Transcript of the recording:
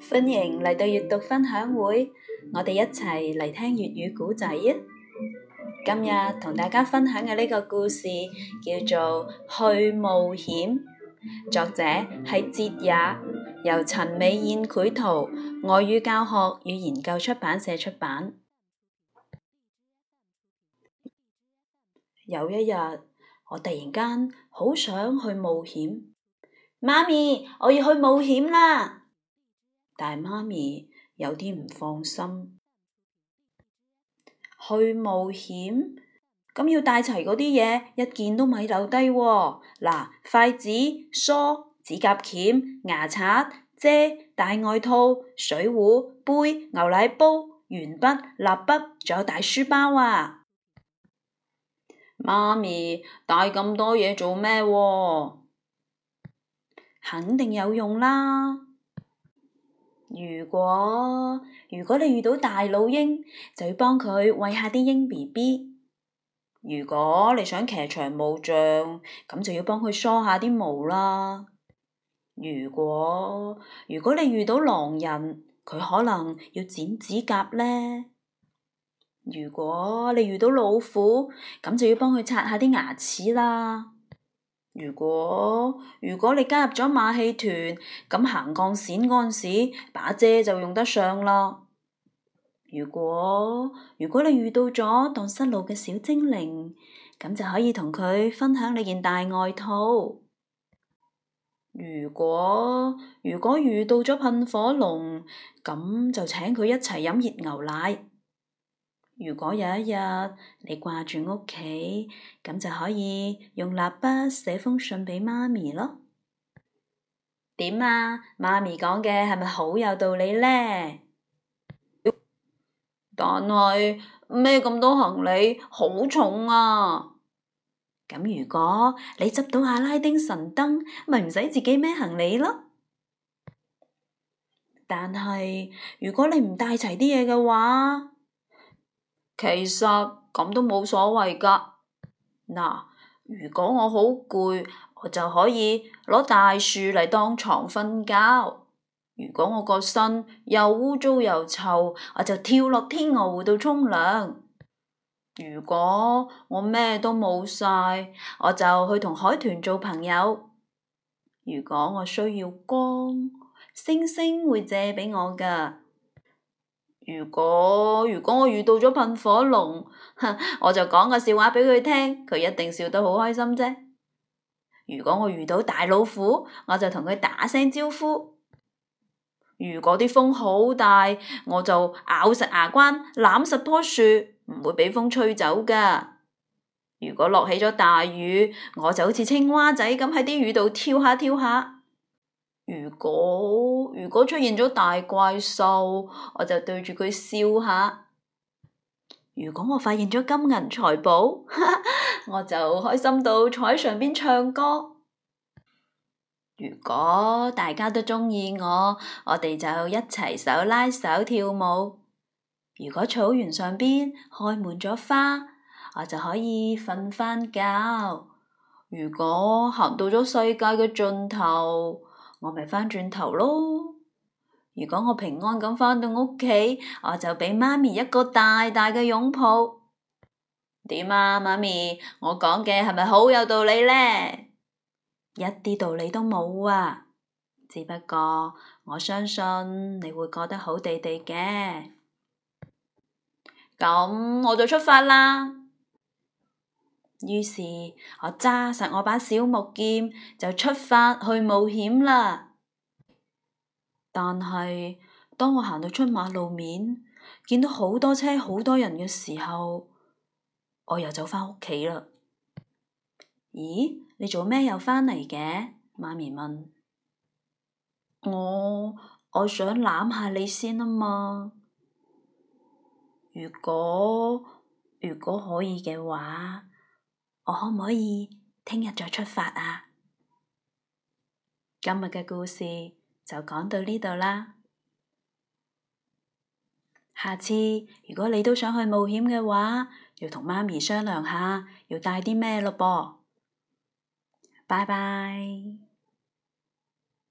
歡迎嚟到閱讀分享會，我哋一齊嚟聽粵語古仔。今日同大家分享嘅呢個故事叫做《去冒險》，作者係哲也，由陳美燕繪圖，外語教學與研究出版社出版。有一日，我突然間好想去冒險。媽咪，我要去冒險啦！但係媽咪有啲唔放心。去冒險？咁要帶齊嗰啲嘢，一件都咪留低喎。嗱，筷子、梳、指甲鉗、牙刷、遮、大外套、水壺、杯、牛奶煲、鉛筆、蠟筆，仲有大書包啊！媽咪帶咁多嘢做咩？肯定有用啦！如果，如果你遇到大老鷹，就要幫佢餵下啲鷹 BB；如果你想騎長毛象，咁就要幫佢梳下啲毛啦。如果，如果你遇到狼人，佢可能要剪指甲呢。如果你遇到老虎，咁就要幫佢刷下啲牙齒啦。如果，如果你加入咗馬戲團，咁行鋼線嗰陣時把遮就用得上啦。如果，如果你遇到咗蕩失路嘅小精靈，咁就可以同佢分享你件大外套。如果，如果遇到咗噴火龍，咁就請佢一齊飲熱牛奶。如果有一日你掛住屋企，咁就可以用蠟筆寫封信俾媽咪咯。點啊？媽咪講嘅係咪好有道理呢？但係咩咁多行李，好重啊。咁如果你執到阿拉丁神燈，咪唔使自己孭行李咯。但係如果你唔帶齊啲嘢嘅話，其實咁都冇所謂噶。嗱，如果我好攰，我就可以攞大樹嚟當床瞓覺；如果我個身又污糟又臭，我就跳落天鵝湖度沖涼；如果我咩都冇晒，我就去同海豚做朋友；如果我需要光，星星會借俾我噶。如果如果我遇到咗噴火龍，我就講個笑話俾佢聽，佢一定笑得好開心啫。如果我遇到大老虎，我就同佢打聲招呼。如果啲風好大，我就咬實牙關攬實棵樹，唔會俾風吹走㗎。如果落起咗大雨，我就好似青蛙仔咁喺啲雨度跳下跳下。如果如果出現咗大怪獸，我就對住佢笑下；如果我發現咗金銀財寶， 我就開心到坐喺上邊唱歌；如果大家都鍾意我，我哋就一齊手拉手跳舞；如果草原上邊開滿咗花，我就可以瞓翻覺；如果行到咗世界嘅盡頭，我咪返轉頭咯！如果我平安咁返到屋企，我就俾媽咪一個大大嘅擁抱。點啊，媽咪？我講嘅係咪好有道理呢？一啲道理都冇啊！只不過我相信你會過得好地地嘅。咁，我就出發啦！於是，我揸實我把小木劍就出發去冒險啦。但係，當我行到出馬路面，見到好多車、好多人嘅時候，我又走返屋企啦。咦？你做咩又返嚟嘅？媽咪問。我，我想攬下你先啊嘛。如果，如果可以嘅話。我可唔可以聽日再出發啊？今日嘅故事就講到呢度啦。下次如果你都想去冒險嘅話，要同媽咪商量下，要帶啲咩咯噃。拜拜。